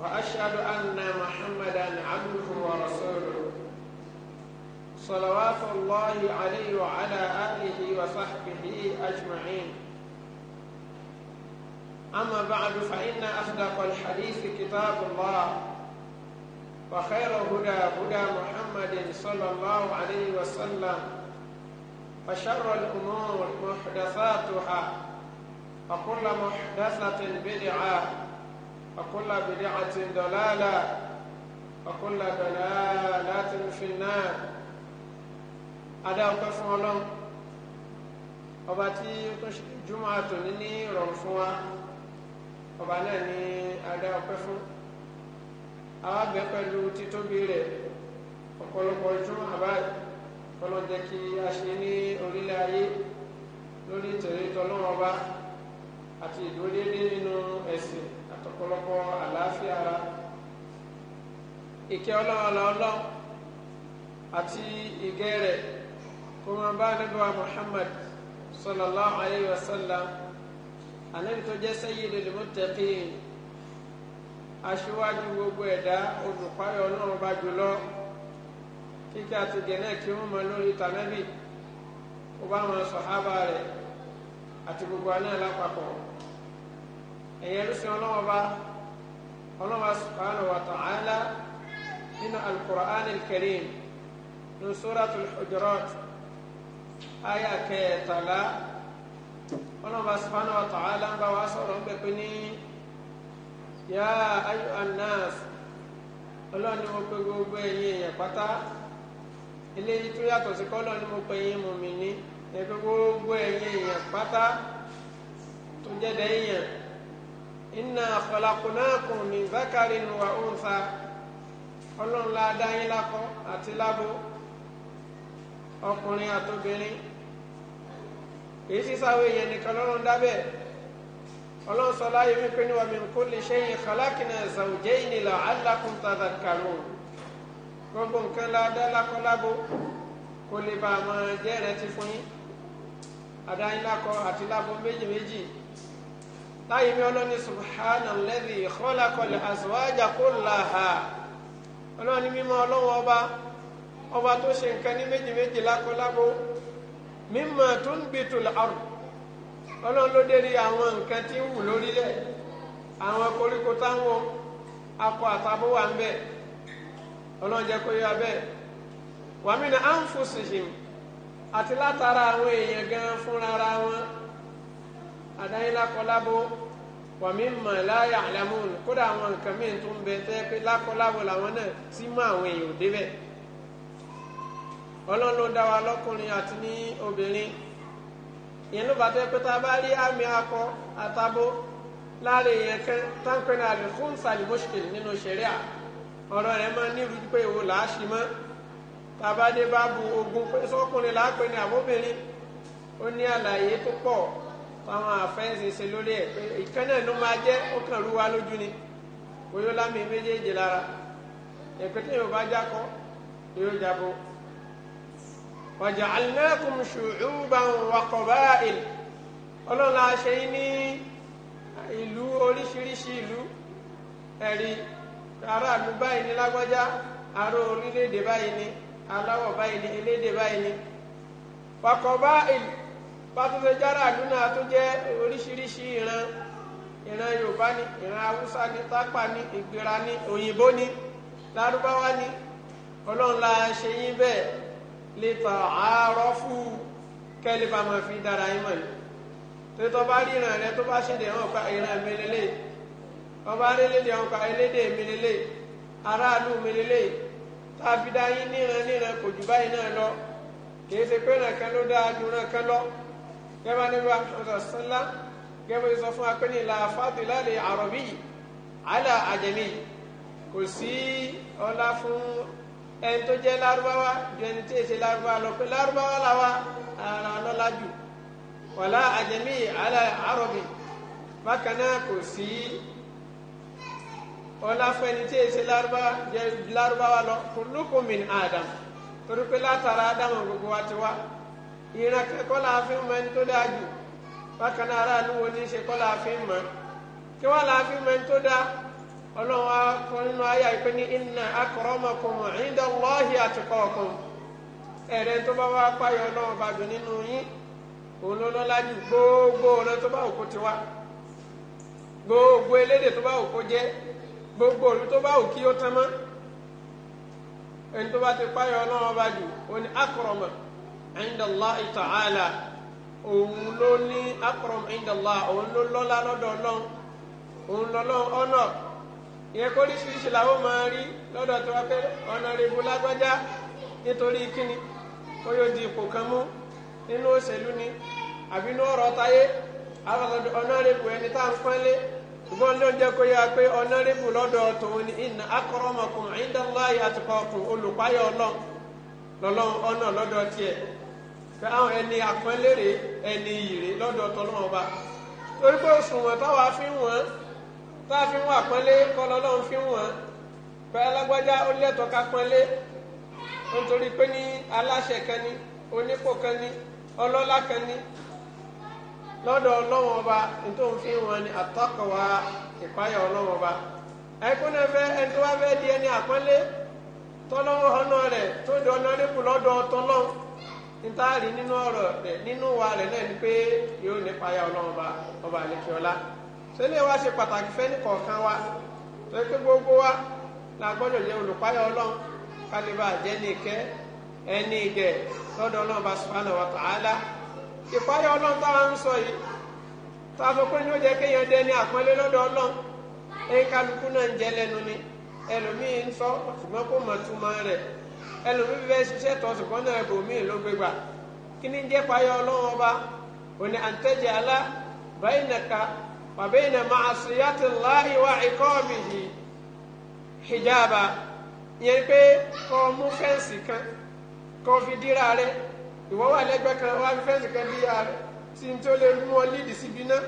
وأشهد أن محمدا عبده ورسوله صلوات الله عليه وعلى آله وصحبه أجمعين أما بعد فإن أصدق الحديث كتاب الله وخير هدى هدى محمد صلى الله عليه وسلم فشر الأمور محدثاتها وكل محدثة بدعة وكل بدعة ضلالة وكل ضلالة في النار adáwọ̀pẹ́ fún ọlọ́run ọba tí ó tún júmọ́ àtòní ní ìrọ̀rùn fún wa ọba náà ní adáwọ̀pẹ́ fún àwọn àgbẹ̀ pẹ̀lú títóbi rẹ̀ ọ̀pọ̀lọpọ̀ júmọ́ àbáyé kọ́lọ́ jẹ́ kí a ṣe ní orílẹ̀ ayé lórí ìtẹ̀lé tọ́lọ́run ọba àti ìdúró déédéé nínú ẹ̀sìn ọ̀pọ̀lọpọ̀ àlàáfíà ara ìkẹ́ ọlọ́run ọlọ́run àti ìgẹ́ rẹ̀ kó máa bá anábíwá Muhammad sallallahu alayhi wa sallam anábì tó jẹ́ sayyidul muttaqin aṣíwájú gbogbo ẹ̀dá olùpáyọ̀ ọlọ́run bá jùlọ kíkẹ́ àtìgẹ̀ náà kí wọ́n mọ lórí tànábì kó bá wọn sọ̀hábà rẹ̀ àti gbogbo aná lápapọ̀ ẹ̀yẹ lùsìn ọlọ́wọ́ bá ọlọ́wọ́ subhanahu wa ta'ala nínú al-Qur'an al-Karim ní suratul Hujurat aya kẹtàlá ọlọ́wọ́ subhanahu wa ta'ala ń bá wa sọ̀rọ̀ ń pẹ̀pẹ́ ní yá ayyuhan nas ọlọ́ni mo pe gbogbo ẹ̀yin èèyàn pátá eléyìí tó yàtọ̀ sí kọ́ lọ́ni mo pe ẹ̀yin mùmínì ẹ̀pẹ́ gbogbo ẹ̀yin èèyàn pátá tó jẹ́ dẹ́yìn inna khalaqnakum min zakarin wa untha ọlọ́run la dá yín lákọ àti lábo ọkùnrin àtobìnrin èyí sì sáwọ èèyàn nìkan lọ́rùn dábẹ́ ọlọ́run sọ láyé wípé ní wa min kulli shay'in khalaqna zawjayni la'allakum tadhakkarun gbogbo nǹkan la dá lákọ lábo kò lè bá a máa jẹ́ ìrántí fún yín àdáyín lákọ àti lábo méjì méjì láyé mi ọlọ́ni subhana alladhi khalaqal azwaja kullaha ọlọ́ni mímọ́ ọlọ́wọ́ ọba ọba tó ṣe nǹkan ní méjì méjì lákọlábó mimma tunbitul ard ọlọ́run ló dérí àwọn nǹkan tí ń wù lórílẹ̀ àwọn koríko táwọn akọ àtàbó wà ń bẹ̀ ọlọ́run jẹ́ kó yá bẹ́ẹ̀ wàmínà anfusihim àti látara àwọn èèyàn gan fúnra wọn adáyé lákọlábó wàmí mọ̀ láyà àlámùn kódà àwọn nǹkan mìíràn tó ń bẹ tẹ́ pé lákọlábó làwọn náà ti mọ àwọn èèyàn débẹ̀ ọlọ́run ló dá wa lọ́kùnrin àti ní obìnrin ìyẹn ló bá tẹ́ pé tá a bá rí àmì akọ àtabo láàrin èèyàn kan táǹpẹ́ náà lè fún sàlì mọ́ṣíkè nínú ṣẹ̀ríà ọ̀rọ̀ rẹ̀ máa ní ìrújú pé ìwò làá ṣì mọ́ tá a bá dé bá bu ogun pé sọ́kùnrin làá pè ní àbóbìnrin ó ní àlàyé tó pọ̀ fáwọn àfẹ́ǹsì ṣe lórí ẹ̀ pé ìkan náà ló máa jẹ́ ó kàn rú wa lójú ni oyún lámì méjèèjì lára èkìtì yóò bá jákọ́ yóò jábọ́ waja'alnakum shu'uban wa qaba'il ọlọ́run la yín ní ìlú oríṣiríṣi ìlú ẹ̀rí aráàlú báyìí ní lágbájá aró orílẹ̀-èdè báyìí ní aláwọ̀ báyìí ní elédè báyìí ní wa qaba'il bátúnṣe járàdú náà tó jẹ́ oríṣiríṣi ìran ìran yorùbá ni ìran haúsá ni tápà ni ìgbéra ni òyìnbó ni lárúbáwá ni ọlọ́run la ṣe yín bẹ́ẹ̀ lè tàn àárọ̀ fún kẹ́lẹ́ bá máa fi dára yín mọ̀ ní tètò bá rí ìran rẹ tó bá ṣe dè hàn pa ìran mi lélẹ̀ ọba arélédè hàn pa elédè mi lélẹ̀ aráàlú mi lélẹ̀ tàbí dá yín níran níran kò jù báyìí náà lọ kì í ṣe pé ìran kan ló dáa ju ìran kan lọ gẹ́gẹ́ bá níbi àṣọ̀sánlá gẹ́gẹ́ bó sọ fún wa pé ní ìlà fadilali àrọ̀bí àlà àjẹmí kò sí ọlá fún ẹni tó jẹ́ lárúbáwá ju ẹni tí èsè lárúbáwá lọ pé lárúbáwá làwa ara lọ́la jù wàlá àjẹmí àlà àrọ̀bí bákan náà kò sí ọlá fún ẹni tí èsè lárúbáwá lọ kulukum min Adam torí pé látara Ádámù gbogbo wa ti wá ìran kan kọ́ la fi ń mọ ẹni tó dáa jù bákan náà aráàlú wo ní í ṣe kọ́ la fi ń mọ kí wọ́n la fi ń mọ ẹni tó dáa ọlọ́run akọ nínú ayá ìpè ní inna akramakum inda Allahi atqakum ẹ̀rẹ́ tó bá wá páyọ̀ ọlọ́run bá dùn nínú yín òun ló lọ́lá jù gbogbo ọ̀nà tó bá òkú ti wá gbogbo elédè tó bá òkú jẹ́ gbogbo òlu tó bá òkú yóò tán mọ́ ẹni tó bá ti páyọ̀ ọlọ́run bá òun ni akrama. عند الله تعالى òun ló ní akram inda Allah òun ló lọ́lá lọ́dọ̀ ọlọ́run òun lọ́lọ́run ọ̀nà ìyẹn kó oríṣiríṣi làwọn máa rí lọ́dọ̀ tó wá pé ọ̀nà rìbú lágbájá nítorí kíni ó yóò di ipò kan mú nínú òṣèlú ni àbí inú ọ̀rọ̀ táyé àwọn ọ̀nà rìbú ẹni tá à ń pọ́nlé ṣùgbọ́n ló ń jẹ́ kó yá pé ọ̀nàrẹ́bù lọ́dọ̀ tòun ni inna akramakum indallahi atqakum pé àwọn ẹni àpọ́nlére ẹni ìyìrè lọ́dọ̀ tọ́lọ́wọ́n ọba torí pé táwa fi ń táwa fi ń kọ́lọ́ lọ́hún fi ń alágbájá ó ká nítorí pé ní aláṣẹ onípò ọlọ́lá lọ́dọ̀ ọlọ́wọ́n ọba nítorí fi ń wọ́n ni àtọ́kọ̀wá ìpáyà ọlọ́wọ́n ọba fẹ́ ẹni tó wá fẹ́ di ẹni ntaari nínú ọ̀rọ̀ rẹ nínú wa rẹ náà ni pé yóò nípa ya ọlọ́run ọba ọba àlekè ọlá ṣé ilé wa ṣe pàtàkì fẹ́ ní wa tó gbogbo wa la gbọ́dọ̀ jẹ́ olùpáyà ya kálíbà ní ẹni wa táwa ń sọ yìí pé ní ó kéèyàn ní kálukú náà ń ni ẹlòmíín ẹlòmíì fẹ́ ṣiṣẹ́ tọ̀ ṣùgbọ́n náà ẹbòmíì ló gbé gbà kí ni jẹ́ payọ́ ọlọ́wọ́n ọba òní àǹtẹ̀jẹ̀ alá baynaka wa bayna ma'asiyati Allahi wa iqamihi hijaba ìyẹn pé kọ́ mú fẹ́ǹsì kan kọ́ fi dírà rẹ̀ ìwọ wà lẹ́gbẹ̀ẹ́ kan wá fi fẹ́ǹsì kan dírà rẹ̀ tí n tó lè mú ọ lídìí síbi náà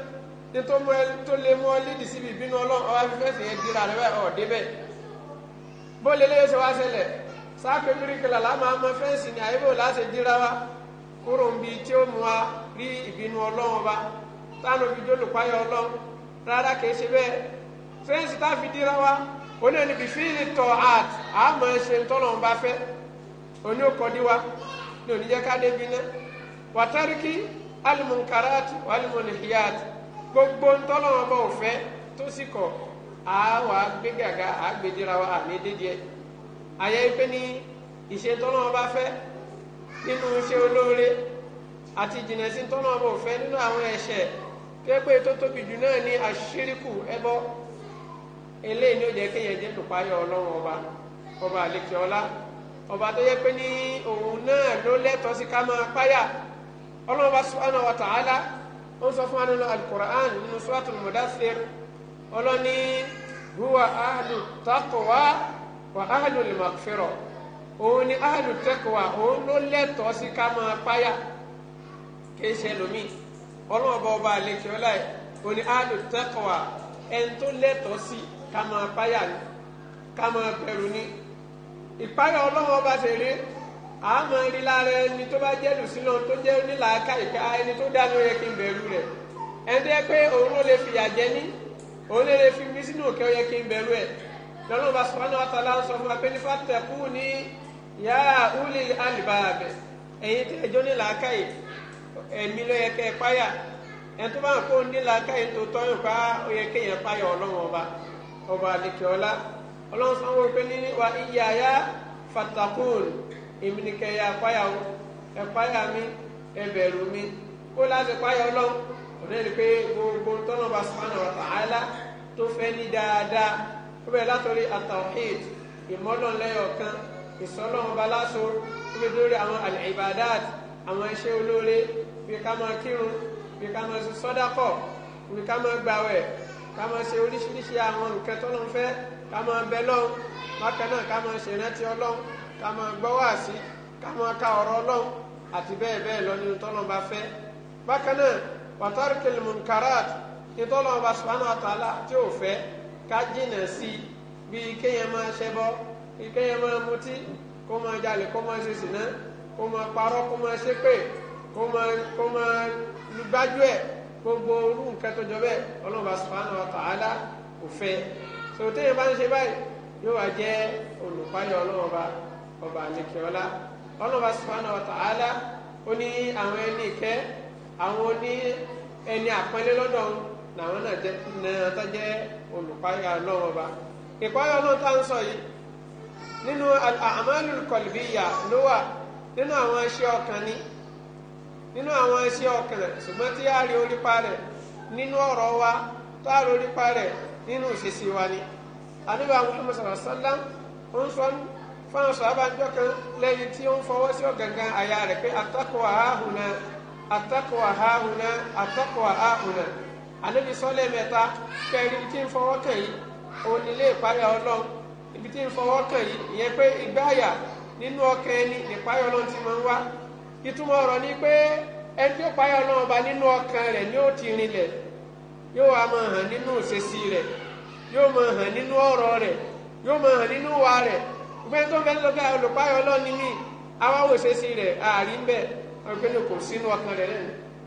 ní tó lè mú ọ lídìí síbi ìbínú ọlọ́run ọwọ́ fi fẹ́ǹsì yẹn dírà rẹ̀ bẹ́ẹ̀ ọ̀ débẹ̀ bó lélẹ́yẹsẹ̀ wá ṣẹlẹ̀ sáàpé mírìkìlà láàmú àmọ́ a ni la láti jíra wa kúrò bi tí o mu wa rí ìbínú ọlọ́run ọba táwọn òbí jólùpáyọ ọlọ́run rara kìí ṣe bẹ́ẹ̀ fẹ́ǹsì tá ta fi jíra wa oní fi bìfíìlì art a ma ń tọ́lọ̀ ń bá wa àyà ipe ní ìṣe ọba fẹ́ nínú iṣẹ́ olóore àti ìjìnà sí tọ́lọ́ ọba òfẹ́ nínú àwọn ẹ̀ṣẹ̀ képe tó tóbi jù náà ní àṣírìkù ẹbọ eléyìí ni ó jẹ́ kéèyàn ọba ọba àlekè ọlá ọba tó yẹ pé ní òun náà ló lẹ́tọ̀ọ́ sí ká máa páyà ọlọ́run bá subhanahu wa ta'ala ó sọ fún wa nínú Kwa áhàlù lèmọ̀fẹ́rọ̀ òun ni áhàlù tẹ́kọ̀wà òun ló lẹ́tọ̀ọ́ sí ká máa páyà kìí ṣe lómi ọlọ́wọ́ bá ọba ọlá òun ni áhàlù tẹ́kọ̀wà ẹni tó lẹ́tọ̀ọ́ sí ká máa páyà ni ká máa bẹ̀rù ni ìpáyà ọlọ́wọ́ bá ṣe rí àmọ́ rí lára ẹni tó bá jẹ́ tó jẹ́ onílàáká ìka ah, ẹni tó yẹ kí n bẹ̀rù rẹ̀ ẹni tó yẹ pé òun ló lè fìyà fi mí sínú òkè kí n bẹ̀rù ẹ̀ lọ́nà bá sọ́nà àtàlà ń sọ fún wa pé nípa tẹ̀kù ní yá ulil albab ẹ̀yin tí ẹjọ́ ní làákàyè ẹ̀mí ló yẹ kẹ́ ẹ páyà ẹ̀ tó bá ń kó ní làákàyè tó tọ́yìn pa ó yẹ kéèyàn páyà ọlọ́run ọba ọba àdìkẹ́ ọlá ọlọ́run sanwó pé ní wa iyì àyà fatakun èmi ni kẹ́ ẹ páyà o ẹ páyà mi ẹ bẹ̀rù mi kó láti páyà ọlọ́run ọ̀nà ẹni pé gbogbo tọ́nà bá sọ́nà bẹ̀rẹ̀ látọ̀rí àtàwọ̀hìd ìmọ́lọ́nlẹ́yọ̀kan ìsọlọ́mọba láṣọ níbi lórí àwọn àlẹ́ìbàdàt àwọn iṣẹ́ olóore bí ká máa kírun bí ká máa ṣe sọ́dákọ̀ bí ká máa gbàwẹ̀ ká máa ṣe oríṣiríṣi àwọn nǹkan tọ́lọ́n fẹ́ ká máa bẹ lọ́hùn bákan náà ká máa ṣèrántí ọlọ́hùn ká máa gbọ́ wàásí ká ka ọ̀rọ̀ ọlọ́hùn àti bẹ́ẹ̀ bẹ́ẹ̀ lọ nínú tọ́lọ́n bá fẹ́ bákan náà wàtárìkìlì mùnkàràt ní tọ́lọ́n bá subhanahu wa ta'ala tí ò fẹ́ ká jìnà sí i bíi kéèyàn máa ṣẹbọ bíi kéèyàn máa mutí kó máa jalè kó máa ṣe sìná kó máa parọ́ kó máa ṣépè kó máa kó máa gbájú ẹ̀ gbogbo orú nǹkan tó jọ bẹ́ẹ̀ ọlọ́run subhanahu wa ta'ala kò fẹ́ sòtẹ́yìn bá ń ṣe báyìí yóò wá jẹ́ olùpáyọ̀ ọlọ́run ọba ọba àlekèọ́lá ọlọ́run subhanahu wa ta'ala ó ní àwọn ẹni ìkẹ́ àwọn oní ẹni àpọ́nlé lọ́dọ̀ làwọn náà jẹ́ náà tó jẹ́ olùpáyà ọlọ́run ọba ìpáyà ọlọ́run tá ń sọ yìí nínú àmàlù kọlùbíyà ló wà nínú àwọn iṣẹ́ ọkàn ni nínú àwọn iṣẹ́ ọkàn ṣùgbọ́n tí a rí orípa rẹ̀ nínú ọ̀rọ̀ wa tó a rí orípa rẹ̀ nínú ìṣesí wa ni àdúgbò àwọn ọmọ sọ̀rọ̀ sọ́lá ń sọ fáwọn sọ̀rọ̀ kan lẹ́yìn tí ó ń fọwọ́ sí ọ̀gangan àyà rẹ̀ pé àtàkùn àhàhùnà àtàkùn àhàhùnà àtàkùn àhàhùnà. ànábi sọ́lẹ̀ mẹ́ta pẹ̀lú ibi tí ń fọwọ́ kàn yìí òun nílé ìpáyà ọlọ́run ibi tí ń kàn yìí ìyẹn pé nínú ọkàn ẹni ti máa ń wá ni pé ẹni tí ó ọba nínú ọkàn rẹ ni ó ti rinlẹ̀ yóò wá máa hàn nínú yóò máa hàn nínú yóò máa hàn nínú wa tó ń bẹ ni mí àwọn kò sínú ọkàn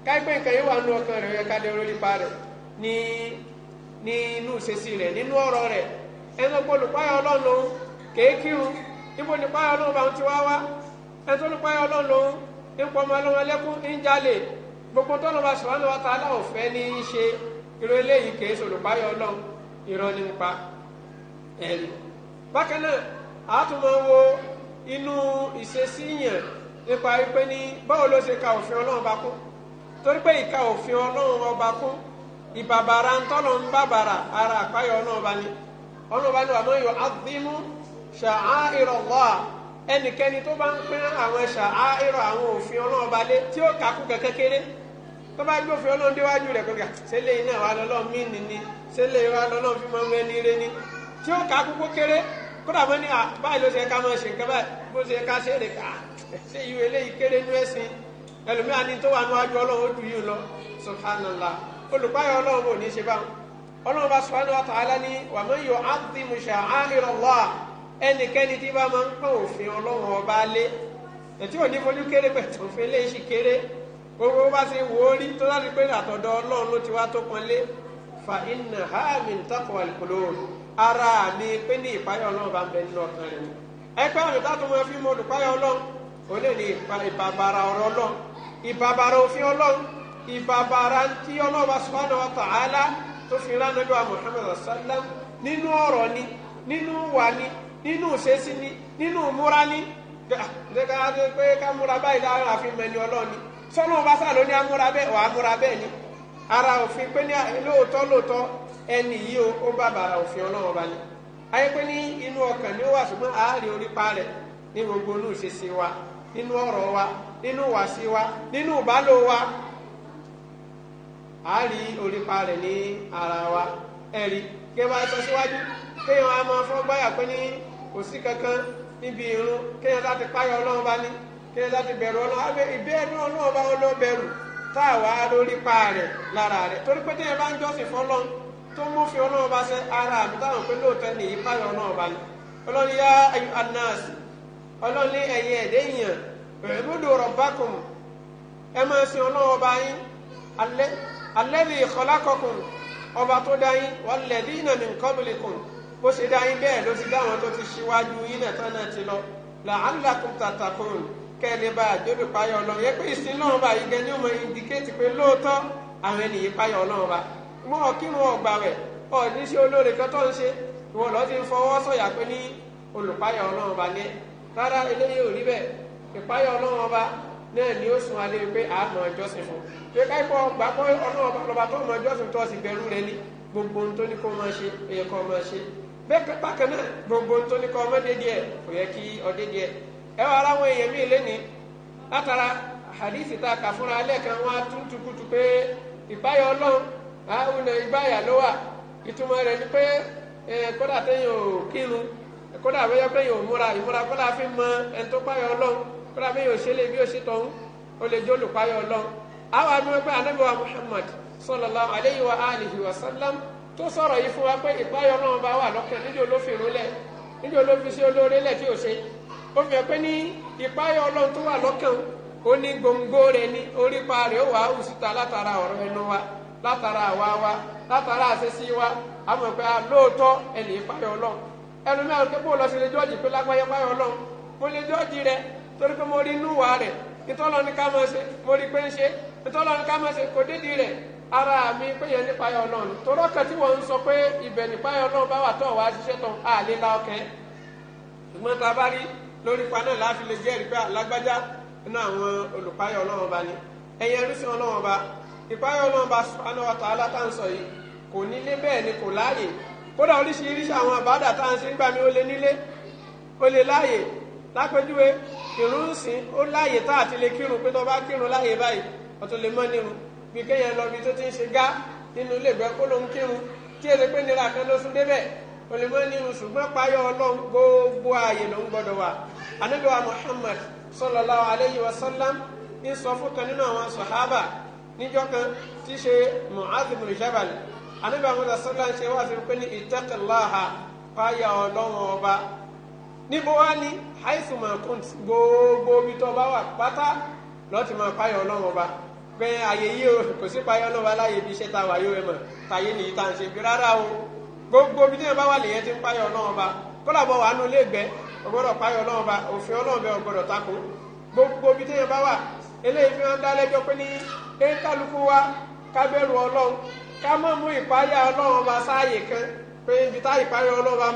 káìpẹ́ nǹkan yóò wà nínú ọkàn rẹ̀ yẹ ọrụ lè rólí rẹ̀ ní inú ìṣesí rẹ̀ nínú ọ̀rọ̀ rẹ̀ ẹnu olùpáyà ọlọ́run kéékìrún ọlọ́run ti wá wá gbogbo sọ̀rọ̀ aláwọ̀ fẹ́ ní í ṣe eléyìí kèé sọ olùpáyà ọlọ́run torí pé ìka òfin ọlọ́run ọba kún ìbàbàrà ńtọ́lọ̀ ara àpáyọ ọlọ́run ni ọlọ́run ni wà yọ ádìmú ṣàáìrọ̀lọ́ à ẹnikẹ́ni tó bá ń pín àwọn ṣàáìrọ̀ àwọn òfin ọlọ́run lé tí ó kàkú kékeré tó bá gbé òfin ọlọ́run déwájú rẹ̀ sẹ́lẹ̀ iná lọ́lọ́run mí sẹ́lẹ̀ lọ́lọ́run fi máa ń tí ó kàkú kódà mọ́ ah, báyìí ló ṣe ká máa ṣe ẹlòmíà ni tó wà níwájú ọlọ́run ó dùn yìí lọ subhanallah olùpáyọ̀ ọlọ́run ò ní ṣe báwọn ọlọ́run bá subhanahu wa ta'ala ní wa man yu'azzimu sha'a'ira Allah ẹnikẹ́ni tí bá máa ń pọ̀ òfin ọlọ́run ọba lé ẹ̀tí ò fojú kéré pẹ̀tù òfin lé ṣì kéré gbogbo bá ṣe wò ó rí tó láti pé àtọ̀dọ̀ ọlọ́run ló ti wá tó pọn lé fa innaha min taqwal qulub ara mi pé ní ìpáyọ̀ ọlọ́run bá ń bẹ nínú ọkàn rẹ̀ ẹgbẹ́ àmì tá a tó máa fi mọ olùpáyọ̀ ọlọ́run ó lè ní ìbàbàrà ọ̀rọ̀ ọlọ́run ìbàbàrà òfin ọlọ́run ìbàbàrà tí ọlọ́run subhanahu wa ta'ala tó fi rán lọ́dọ̀ Muhammad sallam nínú ọ̀rọ̀ ni nínú wà ni nínú ìṣesí ni nínú múra ni dẹ́ka pé ká múra báyìí lára àfin mẹ́ni ọlọ́run ni sọ́nà ọba sáà ló ní amúra bẹ́ẹ̀ wà amúra bẹ́ẹ̀ ni ara òfin pé ní lóòótọ́ lóòótọ́ ẹni yìí ó bàbàrà òfin ọlọ́run ọba ni ayé pé ní inú ọkàn ni ó wà ṣùgbọ́n àárín orípa rẹ̀ ní gbogbo olùṣèṣe wa nínú ọ̀rọ̀ wa nínú ìwàsí wa nínú ìbálò wa a rí orípa rẹ̀ ní ara wa ẹ̀rí kí wọ́n sọ síwájú kéèyàn á máa fọ́ gbáyà pé ní osi kankan níbi irun kéèyàn láti páyọ̀ ọlọ́run bá ní kéèyàn láti bẹ̀rù ọlọ́run abẹ́ ìbẹ́ẹ̀nú ọlọ́run bá wọn ló bẹ̀rù táwa lórípa rẹ̀ lára rẹ̀ torí pé téèyàn bá ń jọ́sìn tó mú fi ọlọ́run bá ara àmì táwọn pé lóòótọ́ nìyí ọlọ́run bá ní ọlọ́run yá ọlọ́run ní ẹ̀yìn u'budu rabbakum ẹ máa sin ọlọ́wọ́ bá yín alladhi khalaqakum ọba tó dá yín walladhina min qablikum bó ṣe dá yín bẹ́ẹ̀ ló ti dá àwọn tó ti ṣíwájú yín náà tán náà ti lọ la'allakum tattaqun kẹ́lẹ́ bá àjọyọ̀ payọ̀ ọlọ́run yẹ pé ìsìn lọ́run bá yìí gẹ́ni ó mọ indicate pé lóòótọ́ àwọn ènìyàn payọ̀ ọlọ́run bá mọ́ ọ̀kírun ọ̀gbà rẹ̀ ọ̀ní ṣe olóore kan tó ń ṣe ìwọ̀n lọ́ọ́ ti ń fọwọ́ sọ̀yà pé ní olùpayọ̀ ọlọ́run bá ní rárá eléyìí ò rí bẹ́ẹ̀ ìpáyà ọlọ́run ọba náà ni ó sun alẹ́ pé àánú ọjọ́sìn fún pé káìpọ̀ gbà pé ọlọ́run ọba lọ́ba tó ọmọ ọjọ́sìn tó ọ̀sìn bẹ̀rù rẹ ní gbogbo ohun tó ní kó máa ṣe ó yẹ kó máa ṣe bẹ́ẹ̀ bákan náà gbogbo ohun tó ní kó ọmọ dédé ẹ̀ kò yẹ kí ọdé díẹ̀ ẹ wà láwọn èèyàn míì lẹ́ni látara hadithi tá a kà fúnra alẹ́ kan wọ́n á tún tukutu pé ìpáyà ọlọ́run àwọn ìgbáyà ló wà ìtumọ̀ rẹ̀ ni pé kódà téèyàn ò kódà bí yóò ṣe lé bí o ṣe tọ̀hún ó lè jó olùpáyọ̀ ọlọ́run àwọn àbí Muhammad sallallahu wa alihi wa sallam tó sọ̀rọ̀ yìí fún wa pé wa náà bá wà lọ́kàn olóore lẹ̀ tí ṣe ó fi hàn pé ní ọlọ́run tó wà lọ́kàn ó ní gbòǹgbò rẹ̀ ní orípa rẹ̀ ó wà wa látara wa látara wa àmọ̀ pé a lóòótọ́ ẹnì ìpáyọ̀ ọlọ́run ẹnu mẹ́rin pé lọ sí torí pé mo rí inú wa rẹ̀ ìtọ́lọ́ ní ká máa ṣe mo rí pé ń ṣe ní ká máa ṣe kò dídì rẹ̀ ara mi pé nípa ayọ̀ náà ni tí wọ́n ń sọ pé ibẹ̀ nípa ayọ̀ náà bá wà a bá rí lórí ipa náà láti lè alágbájá inú àwọn olùpáyọ̀ ni ẹrúsìn ọlọ́run ọba ìpáyọ̀ ọlọ́run ọba lápẹjúwe kírun ń sìn ó láàyè tá àti lè kírun pé tó bá kírun láàyè báyìí ọ̀tún lè mọ́ nírun bí kéèyàn lọ bí tó ti ń ṣe gá nínú ilé ìgbẹ́ kó ló ń kírun tí èdè pé nira kan ló sún débẹ̀ ó lè nírun ṣùgbọ́n payọ́ ọlọ́run Muhammad sallallahu alayhi wa sallam sọ fún kan nínú àwọn kan tí ṣe Jabal Muhammad ọba níbo wá ní àìsàn máa kún gbogbo omi tó bá wà pátá lọ́ọ̀tì máa páyọ̀ ọlọ́run ọba pé àyè yìí o kò sí páyọ̀ ọlọ́run ọba láyè ibi iṣẹ́ tá a wà yóò ẹ mọ̀ tàyè nìyí tá à ń ṣe bí rárá o gbogbo omi tí yẹn bá wà lèyẹn ti ń páyọ̀ ọlọ́run ọba kọ́lá bọ̀ wà nù lẹ́gbẹ́ ọgbọ́dọ̀ páyọ̀ ọlọ́run ọba òfin ọlọ́run ọba ọgbọ́dọ̀ tako gbogbo omi tí yẹn bá wà eléyìí fi hàn dá lẹ́jọ́ pé ní ẹ̀ńkálukú wa kábẹ́rù ọlọ́run ká má mú ìpáyà ọlọ́run ọba sáàyè kan pé ibi tá ìpáyà ọlọ́run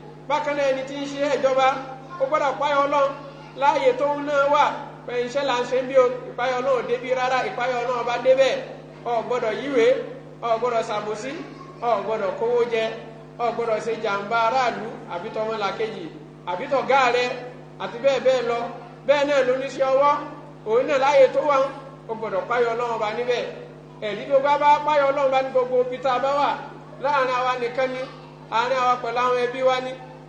bákan náà ẹni tí ń ṣe ẹjọba ó gbọ́dọ̀ páyọ ọlọ́run láàyè ń náà wà pé iṣẹ́ là ń ṣe ń bí o ìpáyọ náà débi rárá ìpáyọ náà bá débẹ̀ o gbọ́dọ̀ yíwé kówó jẹ ṣe jàǹbá aráàlú àti bẹ́ẹ̀ bẹ́ẹ̀ lọ bẹ́ẹ̀ náà ló ní sí ni àárín àwa pẹ̀lú wa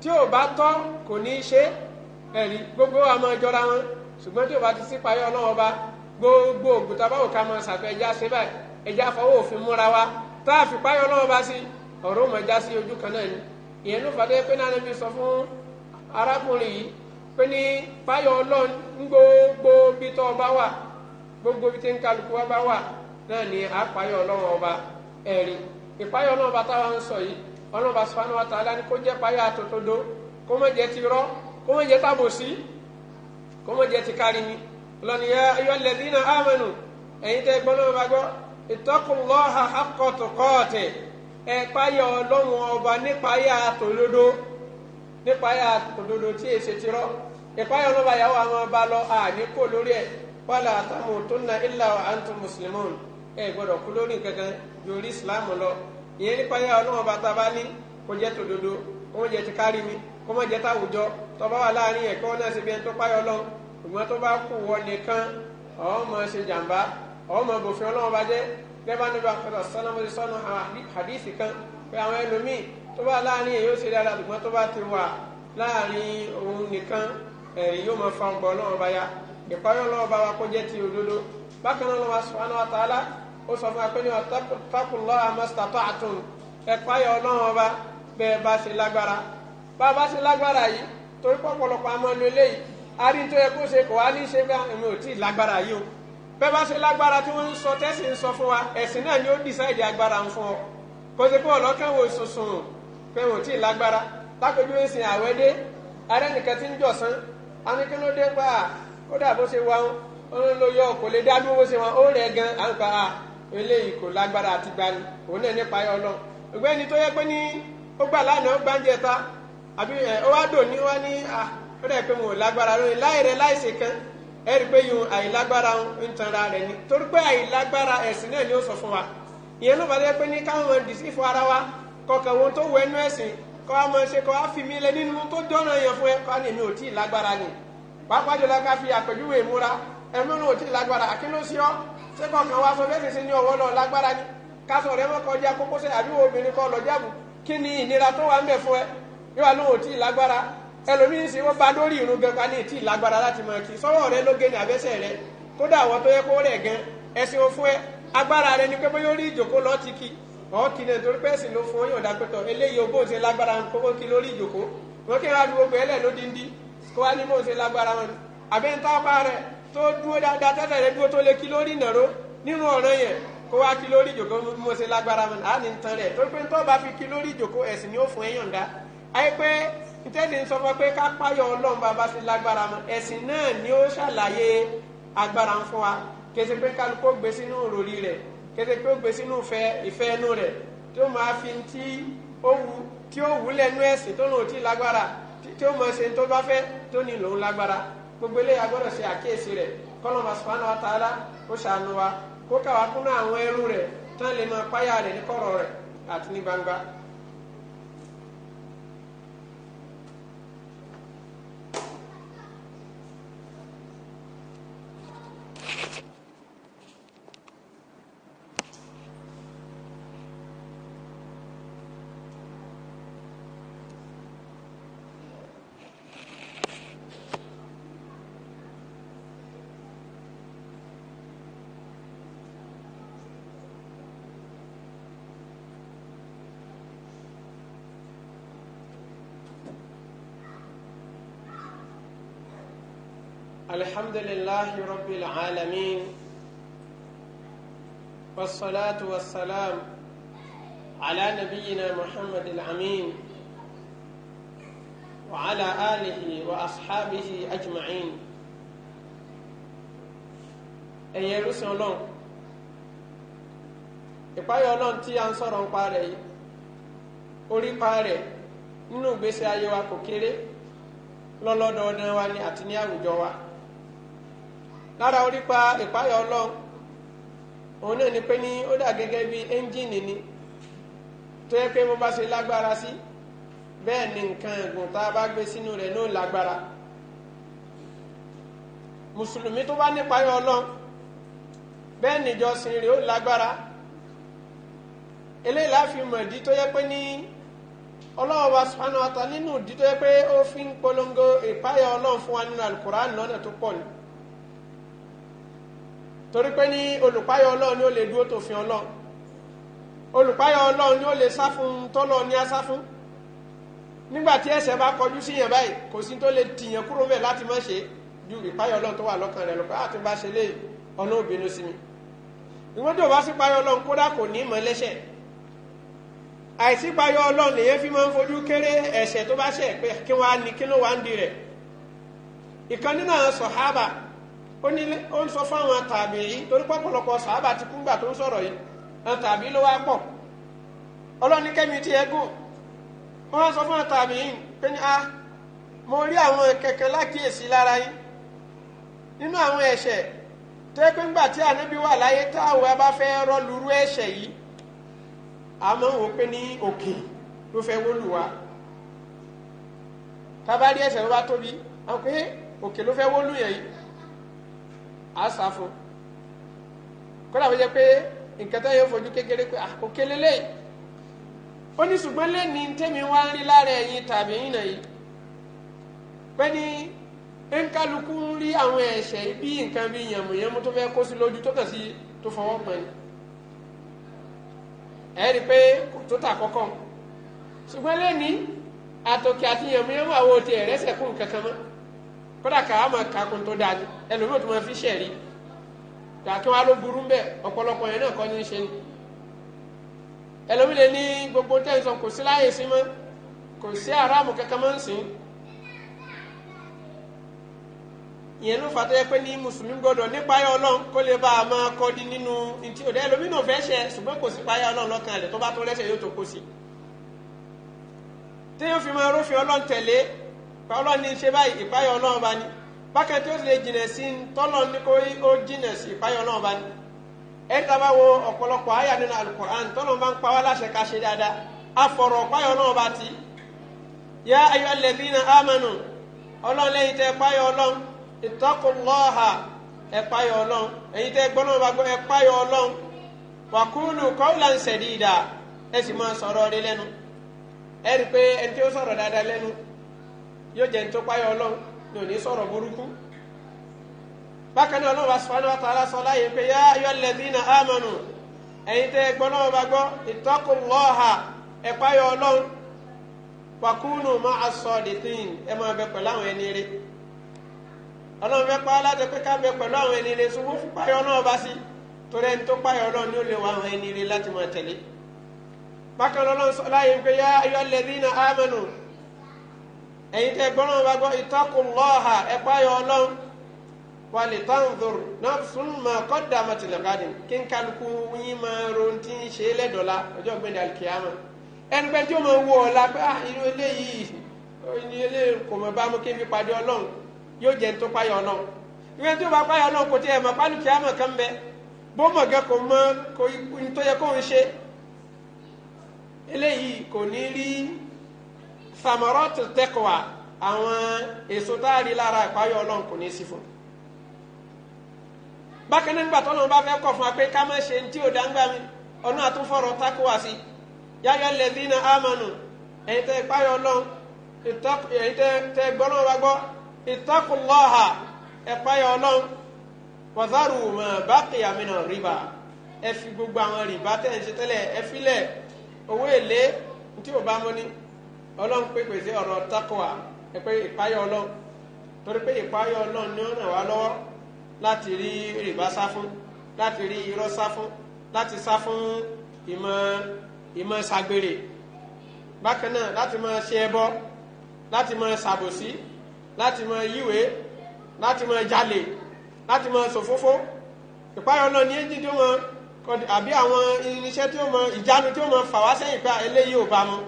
tí ò bá tọ́ kò ní í ṣe ẹ̀rí gbogbo wa wọn ṣùgbọ́n tí ò bá ti sí payọ́ ọlọ́wọ́ gbogbo ògùtà báwo ká máa ṣàfẹ́ ẹja ṣe báyìí ẹja fọwọ́ wa tá a fi payọ́ ọlọ́wọ́ bá sí mọ̀ kan náà ni ìyẹn ló fàdé pé náà sọ fún arákùnrin yìí pé ní gbogbo bí wà gbogbo bí wà náà ni ọba ẹ̀rí táwọn ń sọ ọlọ́ba sùpánù wa tààlà ni kó jẹ́ payá àtòtòdó kó má jẹ́ ti rọ́ kó má jẹ́ tàbòsí kó má jẹ́ ti kárí ni lọ́nìyà ayọ́ lẹ́dínà amanu ẹ̀yin tẹ́ gbọ́n náà bá gbọ́ ittaqullaha haqqa tuqatih ẹ̀ payá ọlọ́run ọba nípayá àtòdodo nípayá àtòdodo tí èsì ti rọ́ ìpayá ọlọ́ba yàwó àwọn ọba lọ àní kò lórí ẹ̀ wala tamutunna illa wa antum muslimun ẹ̀ gbọ́dọ̀ kú lórí nǹkan kan yorí ìsìlámù lọ ìyẹn nípa yẹ ọlọ́wọ́n bá ta bá ní kó jẹ́ tòdodo kó jẹ́ ti kárí mi kó má jẹ́ táwùjọ tó bá wà láàrin ẹ̀ kó náà ṣe bí ẹni tó páyọ lọ ṣùgbọ́n tó bá kù wọ nìkan ọmọ ṣe jàǹbá ọmọ bòfin ọlọ́wọ́n bá jẹ́ gẹ́gẹ́ bá níbi àkọsọ sọ́nàmọ́ ti sọ́nà hadisi kan pé àwọn ẹlòmíì tó bá láàrin ẹ̀ yóò ṣe dáadáa ṣùgbọ́n tó bá ti wà láàrin òun nìkan ẹ̀rí yóò máa fa ọgbọ́n ọlọ́wọ́n bá yá ìpáyọ̀ ọlọ́wọ́n bá wa kó jẹ́ ti òdodo bákan náà lọ́wọ́ subhanahu wa ta'ala ó sọ fún akpẹ́ni wa takulọ́ amastatọ́àtún ẹ̀pá yọ ọlọ́run ọba bẹ́ẹ̀ bá ṣe lágbára bá a bá ṣe lágbára yìí torí pọ̀pọ̀lọpọ̀ amọ̀nu eléyìí arí tó yẹ kó ṣe kò wá ní ṣe bá èmi ò tí ì lágbára yìí o bẹ́ẹ̀ bá ṣe lágbára tí wọ́n ń sọ tẹ́sí ń sọ fún wa ẹ̀sìn náà ni ó dìsáìdì agbára ń fún ọ kó ṣe pé ọ̀lọ́kàn wo sùnsùn pé wọn ò tí ì lágbára lápẹjú ẹ̀sìn àwẹ́dẹ́ arẹ́nìkan ti ń jọ̀sán anikínlódé pa kódà bó ṣe wa ń lo yọ kò lè dá dúró bó ṣe wọn ó rẹ̀ gan à eléyìí kò lágbára àti gbani òun náà nípa ayé ọlọ́run ògbẹ́ ẹni tó yẹ pé ní ó gbà lánàá ó gbáǹjẹ ta àbí ẹ ó wá dò ní wá ní à ó dẹ̀ pé mo ò lágbára lórí láì rẹ láì ṣe kan ẹ rí i pé yun àìlágbára ń tanra rẹ ni torí pé àìlágbára ẹ̀sìn náà ni ó sọ fún wa ìyẹn ló bá pé ní káwọn dìsí fún ara wa kọkàn wọn tó wọ ẹnu ẹ̀sìn kọ́ a máa ṣe kọ́ a fi mí lẹ nínú tó dọ́nà yẹn fún ẹ kọ́ a èmi ò tí ì lágbára ni pàápàá jọlá ká fi àpèjúwe ìmúra ẹ̀mí ò tí ì lágbára àkínú sí ọ́ ṣé kọ̀ọ̀kan wá sọ bẹ́ẹ̀ ṣe ní ọwọ́ lọ lágbára ni kásọ̀ rẹ mọ́ kọjá kókósẹ̀ àbí wo obìnrin kan lọ jáàbù kí ni ìnira tó wà ń bẹ̀ fún ẹ yóò lóun tí ì lágbára ẹlòmíín sì wọ́n bá lórí irun gan ní tí lágbára láti máa kí sọ́wọ́ rẹ ló gé ní abẹ́sẹ̀ rẹ tó yẹ kó rẹ̀ gan ẹ agbára rẹ ni pé bóyá ó rí ìjòkó lọ́ọ́ ti kí torí pé ẹ̀sìn lórí ìjòkó tó dúró dáadáa tẹ́tẹ̀ rẹ dúró tó lé kí lórí ìnáró nínú ọ̀ràn yẹn kó wá kí lórí ìjòkó mo ṣe lágbára mọ́ àá ní tán rẹ̀ tó pé tó bá fi kí lórí ìjòkó ẹ̀sìn ni ó fún ẹ̀yàn dá ayé pé ntẹ́sìn sọ fún pé ká páyọ̀ ọlọ́run bá bá ṣe lágbára mọ́ ẹ̀sìn náà ni ó ṣàlàyé agbára ń fún wa kése pé kálukó gbé sínú òròrí rẹ̀ kése pé ó gbé sínú ìfẹ́ inú rẹ̀ tó máa fi ti ó wù tí ó wù lẹ́nu ẹ̀sìn tó lòun ti lágbára tí ó mọ̀ ṣe tó bá fẹ́ tó ní lòun lágbára gbogbo eléyà gbọ́dọ̀ ṣe àkíyèsí rẹ̀ kọ́lọ́mà sùpánà wa tààlà ó ṣàánú wa kó káwa kúnú àwọn ẹrú rẹ̀ tán lè máa páyà rẹ̀ ní kọ̀rọ̀ rẹ̀ àti ní gbangba. الحمد لله رب العالمين والصلاة والسلام على نبينا محمد الأمين وعلى آله وأصحابه أجمعين ẹ̀yin ẹrúsìn ọlọ́run ìpáyọ̀ ọlọ́run tí a ń sọ̀rọ̀ nípa rẹ̀ yìí orípa rẹ̀ nínú ìgbésí ayé wa kò kéré lọ́lọ́dọọdún wa ni àti ní àwùjọ wa. lára orípa ìpáyọ̀ ọlọ́run òun náà ni pé ní ó dà gẹ́gẹ́ bí ẹ́ńjìnì ni tó yẹ pé mo bá ṣe lágbára sí bẹ́ẹ̀ ni nǹkan ẹ̀gùn tá a bá gbé sínú rẹ̀ náà lágbára mùsùlùmí tó bá ọlọ́run bẹ́ẹ̀ rẹ̀ ó lágbára eléyìí láfi mọ̀ ìdí tó yẹ pé ní ọlọ́run bá sùpánù ọ̀tá nínú ìdí torí pé ní olùpáyọ̀ ọlọ́run ni ó lè dúró tòfin ọlọ́run olùpáyọ̀ ọlọ́run ni ó lè sá fún tọ́lọ́ ní asá fún nígbà tí ẹ̀ṣẹ̀ bá kọjú sí yẹn báyìí kò sí tó lè tìyàn kúrò mẹ́ láti má ṣe ju ìpáyọ̀ ọlọ́run tó wà lọ́kàn rẹ̀ lọ́kàn ah, àti bá ṣe lé ọ̀nà òbínú sí mi ìwọ́n tí bá sí páyọ̀ ọlọ́run kódà kò ní mọ̀ lẹ́ṣẹ̀ àìsí páyọ̀ ọlọ́run lèyẹn fi máa ń fojú kéré ẹ̀ṣẹ̀ tó bá ṣẹ̀ pé kí wọ́n á ní kí ló wá ń di rẹ̀ ìkan nínú àwọn sọ̀hábà ó ní ó ń sọ fáwọn tàbí yìí torí pọ̀pọ̀lọpọ̀ sàábà ti kúngbà tó ń sọ̀rọ̀ yìí àwọn ló wá pọ̀ ọlọ́ni kẹ́mi ti ẹgùn wọ́n á sọ fún àwọn yìí pé ní a ah, mo rí àwọn kẹ̀kẹ́ lákìyèsí lára yín nínú àwọn ẹ̀ṣẹ̀ tó yẹ pé ńgbà tí ànábì wà láyé táwọn bá fẹ́ rọlùrú ẹ̀ṣẹ̀ yìí àmọ́ wò pé ní òkè ló fẹ́ wó lù wá ẹ̀ṣẹ̀ ló bá tóbi àwọn pé òkè ló fẹ́ wó yẹn yìí á sá fún kódà wọ́n jẹ́ pé nǹkan tó yẹ fojú kékeré pé òkè lélẹ́yìn ni ní ṣùgbọ́n lẹ́ni tẹ́mi wá ń rí lára ẹ̀yin tàbí ìnà yìí pé ní nkálukú ń rí àwọn ẹ̀ṣẹ̀ bí nǹkan bí yànmùyánmú tó fẹ́ kó sí lójú tó kàn sí tó fọwọ́ pọ̀ ni ẹ̀ rí i pé kò tó tà kọ́kọ́ ṣùgbọ́n lẹ́ni àtòkè àti yànmùyánmú àwọn òtí ẹ̀rẹ́sẹ̀ kún kankan mọ́ kódà ká àmọ́ kakùn tó dáa ẹlòmíràn tó máa fi ṣẹ̀rí kàkí wọn á ló burú bẹ́ẹ̀ ọ̀pọ̀lọpọ̀ yẹn náà kọ́ ní í ṣe ni ẹlòmíràn ní gbogbo tẹ̀sán kò sí láyè sí mọ́ kò sí aráàmù kankan máa ń sìn ìyẹn ló fà tó yẹ pé ní mùsùlùmí gbọdọ̀ nípa ayé ọlọ́run kó lè bá a máa kọ́ di nínú ntí òde ẹlòmíràn fẹ́ ṣe ṣùgbọ́n kò sí páyé ọlọ́run lọ́kàn rẹ̀ tó bá tó lẹ́sẹ̀ yóò tó kó sí ọlọ́run ní ṣe báyìí ìpáyọ̀ ọlọ́run bá ní bákan tí ó sì lè jìnà sí tọ́lọ̀ ní kó ó jìnà sí ìpáyọ̀ ọlọ́run bá ní tá a bá wo ọ̀pọ̀lọpọ̀ àyà nínú alukur'an tọ́lọ̀ bá ń pa wá láṣẹ ká ṣe dáadáa afọ̀rọ̀ ìpáyọ̀ ọlọ́run bá ti yá ayọ̀ alladhina amanu ọlọ́run lẹ́yìn tẹ́ ẹ̀páyọ̀ ọlọ́run yóò jẹ́ ní tó ọlọ́run ní òní sọ̀rọ̀ burúkú bákan náà ọlọ́run ya wa ta'ala sọ láàyè pé yá ayọ́ lẹ́dínà ámọ̀nù ẹ̀yin tẹ́ gbọ́ náà bá gbọ́ ìtọ́kùnlọ́ọ̀hà ẹ̀páyọ̀ ọlọ́run a sọ dìtín máa bẹ pẹ̀lú àwọn ẹni rẹ ọlọ́run pa pé ká bẹ pẹ̀lú àwọn ẹni rẹ náà bá sí torí ẹni tó lè àwọn ẹni ẹ̀yin tẹ́ gbọ́n náà wá gbọ́ ittaqullaha ẹ̀pá yọ ọlọ́run wà lè ma qaddamat lighadin kí n kálukú yín máa ron tí ń ṣe lẹ́dọ̀ọ́lá ọjọ́ gbẹ̀dẹ̀ ẹni tí ó máa pé ah, inú kò mọ̀ bá mú kí n fi pàdé ọlọ́run yóò jẹ́ tó páyọ̀ ọlọ́run ìwé tí ó bá páyọ̀ ọlọ́run kò tiẹ̀ mọ̀ kan samaratul taqwa àwọn èso tá a rí lára ìpáyọ̀ ọlọ́run kò ní í sí fún un bákan náà nígbà tọ́lọ́run bá fẹ́ kọ̀ fún wa pé ká má ṣe ní tí ò dáńgbà mi ọ̀nà àtúnfọ̀rọ̀ tako wá sí yáyọ lẹ́bí na amanu ẹ̀yin tẹ́ ìpáyọ̀ ọlọ́run ẹ̀yin tẹ́ gbọ́n náà wá gbọ́ ittaqullaha ẹ̀páyọ̀ ọlọ́run wazaru ma baqiya mina riba ẹ fi gbogbo àwọn rìbá tẹ̀ ń ṣe tẹ́lẹ̀ ẹ filẹ̀ owó èlé tí ò bá mọ́ ni ọlọ́run pépè sí ọ̀rọ̀ takwa pé ìpáyọ̀ ọlọ́run torí pé ìpáyọ̀ ọlọ́run ni ó ràn wá lọ́wọ́ láti rí rìbá sá fún láti rí irọ́ sá fún láti sá fún ìmọ̀ ìmọ̀ ṣàgbèrè bákan náà láti máa ṣe ẹbọ láti máa ṣàbòsí láti máa yíwèé láti máa jalè láti máa ṣòfófó ìpáyọ̀ ọlọ́run ni éjì tó mọ àbí àwọn irinṣẹ́ tó mọ ìjánu tó mọ fà wá sẹ́yìn pé eléyìí ò bá mu.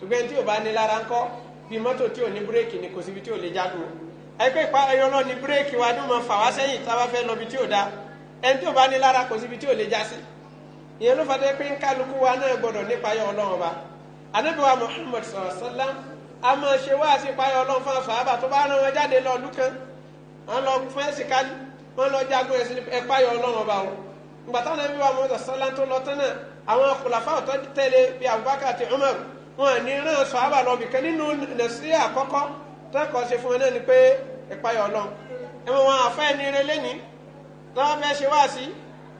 ṣùgbọ́n tí o bá ní lára ńkọ́ ti mọ́tò tí ò ní búrẹ́kì ni kò síbi tí ò lè jágun ẹgbẹ́ ìpayọ náà ní búrẹ́kì wa ní mo fà wá sẹ́yìn tá a bá da ẹni tí o bá ní lára kò síbi tí ò lè já sí ìyẹn ló fàtẹ́ pé kálukú wa náà gbọ́dọ̀ ọlọ́run ọba Muhammad sallallahu a máa ṣe wá sí ọlọ́run fún tó bá rán wọn jáde kan lọ wọn ní ràn sọ àbà lọ bìkan nínú nàṣírí àkọ́kọ́ tẹ́kọ̀ọ́ ṣe fún ẹ náà ni pé ìpayọ̀ ọlọ́run ẹ mọ wọn àfa ẹni rẹ lẹ́ni tó bá fẹ́ ṣe wá sí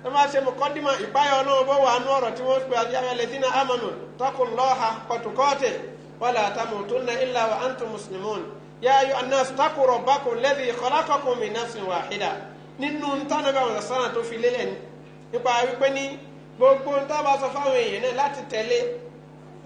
tó bá ṣe mọ̀kọ́dìmọ̀ ìpayọ̀ ọlọ́run bó wà nú ọ̀rọ̀ tí wọ́n pe àyàwó ẹlẹ́dínà amanu tọkùn lọ́ha kọ̀tùkọ́ọ̀tẹ̀ wala tamutunna illa wa antum muslimun ya ayu annas taqu rabbakum alladhi khalaqakum min nafsin wahida nínú ntánàbẹ̀ àwọn sàrà